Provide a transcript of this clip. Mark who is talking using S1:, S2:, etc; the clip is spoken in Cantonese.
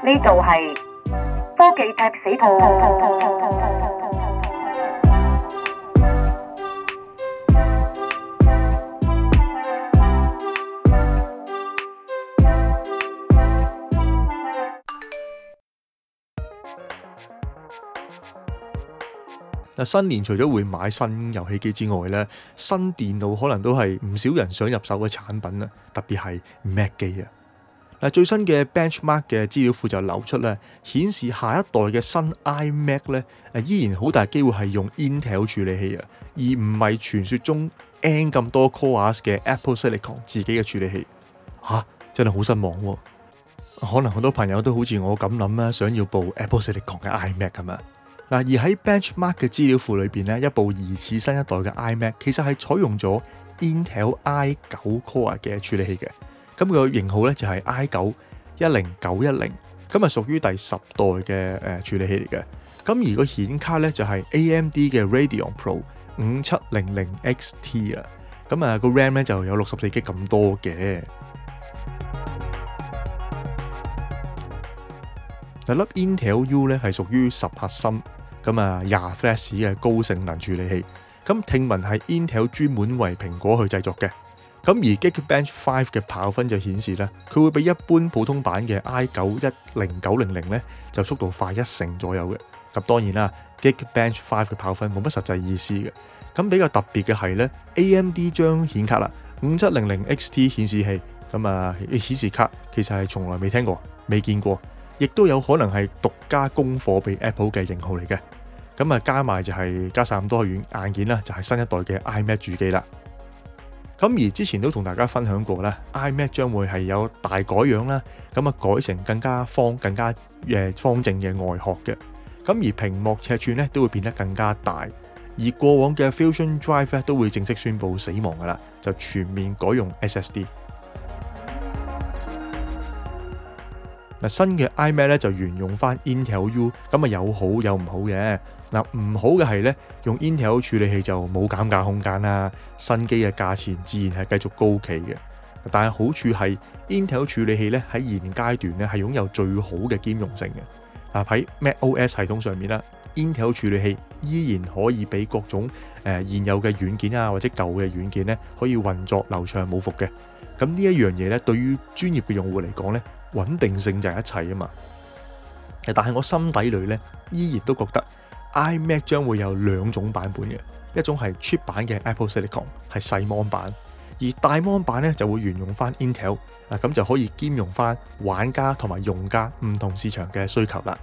S1: 呢度係科技踢死兔。新年除咗會買新遊戲機之外咧，新電腦可能都係唔少人想入手嘅產品啦，特別係 Mac 機啊。嗱，最新嘅 benchmark 嘅資料庫就流出咧，顯示下一代嘅新 iMac 咧，依然好大機會係用 Intel 處理器啊，而唔係傳說中 N 咁多 Cores 嘅 Apple Silicon 自己嘅處理器。吓、啊，真係好失望喎、啊！可能好多朋友都好似我咁諗啊，想要部 Apple Silicon 嘅 iMac 咁啊。嗱，而喺 benchmark 嘅資料庫裏面呢，一部疑似新一代嘅 iMac 其實係採用咗 Intel i 九 Core 嘅處理器嘅。咁個型號咧就係 i 九一零九一零，咁啊屬於第十代嘅誒處理器嚟嘅。咁而個顯卡咧就係 AMD 嘅 Radeon Pro 五七零零 XT 啦。咁啊個 RAM 咧就有六十四 G 咁多嘅。嗱，粒 Intel U 咧係屬於十核心，咁啊廿 Flash 嘅高性能處理器。咁聽聞係 Intel 專門為蘋果去製作嘅。咁而 Geekbench 5嘅跑分就顯示咧，佢會比一般普通版嘅 i 九一零九零零咧就速度快一成左右嘅。咁當然啦，Geekbench 5嘅跑分冇乜實際意思嘅。咁比較特別嘅係咧，AMD 張顯卡啦，五七零零 XT 顯示器。咁啊，顯示卡其實係從來未聽過、未見過，亦都有可能係獨家供貨俾 Apple 嘅型號嚟嘅。咁啊加埋就係、是、加晒咁多軟硬件啦，就係新一代嘅 iMac 主機啦。咁而之前都同大家分享過啦 iMac 將會係有大改樣啦，咁啊改成更加方、更加誒方正嘅外殼嘅，咁而屏幕尺寸咧都會變得更加大，而過往嘅 Fusion Drive 咧都會正式宣布死亡噶啦，就全面改用 SSD。新嘅 iMac 咧就沿用翻 Intel U，咁啊有好有唔好嘅。嗱，唔好嘅係咧，用 Intel 處理器就冇減價空間啦。新機嘅價錢自然係繼續高企嘅。但係好處係 Intel 處理器咧喺現階段咧係擁有最好嘅兼容性嘅。喺 MacOS 系統上面啦，Intel 處理器依然可以俾各種誒現有嘅軟件啊，或者舊嘅軟件咧可以運作流暢無伏嘅。咁呢一樣嘢咧，對於專業嘅用戶嚟講咧，穩定性就係一切啊嘛。但係我心底裏咧，依然都覺得 iMac 將會有兩種版本嘅，一種係 cheap 版嘅 Apple Silicon 係細網版。而大芒版咧就會沿用翻 Intel，嗱，咁就可以兼容翻玩家同埋用家唔同市場嘅需求啦。